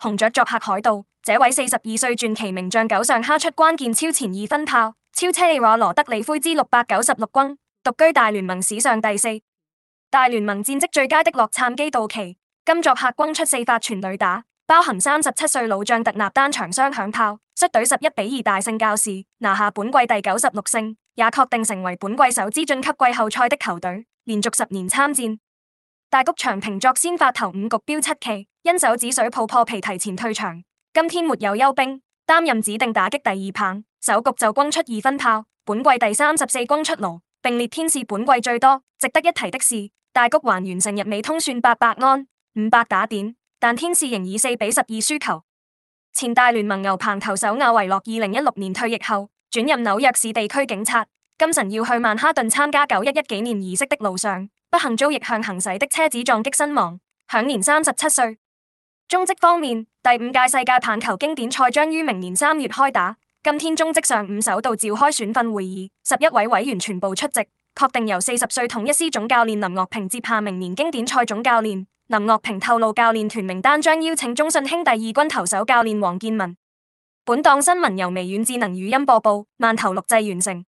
紅雀作客海盜，這位四十二歲傳奇名將九上敲出關鍵超前二分炮，超車里瓦羅，羅德里奎茲六百九十六轟，獨居大聯盟史上第四。大聯盟戰績最佳的洛杉磯道奇今作客轟出四發全壘打，包含三十七歲老將特納單場雙響炮，率隊十一比二大勝教士，拿下本季第九十六勝，也確定成為本季首支晉級季後賽的球隊，連續十年參戰。大谷翔平作先發頭五局飆七期，因手指水泡破皮提前退場。今天沒有休兵，擔任指定打擊第二棒。首局就轟出二分炮，本季第三十四轟出爐，並列天使本季最多。值得一提的是，大谷還完成日美通算八百安五百打點，但天使仍以四比十二輸球。前大聯盟牛棚投手亞維洛，二零一六年退役後轉任紐約市地區警察。今晨要去曼哈頓參加九一一紀念儀式的路上。不幸遭逆向行駛的車子撞擊身亡，享年三十七歲。中職方面，第五屆世界棒球經典賽將於明年三月開打。今天中職上午首度召開選訓會議，十一位委員全部出席，確定由四十歲統一獅總教練林岳平接下明年經典賽總教練。林岳平透露，教練團名單將邀請中信兄弟二軍投手教練王建文。本檔新聞由微軟智能語音播報，慢投錄製完成。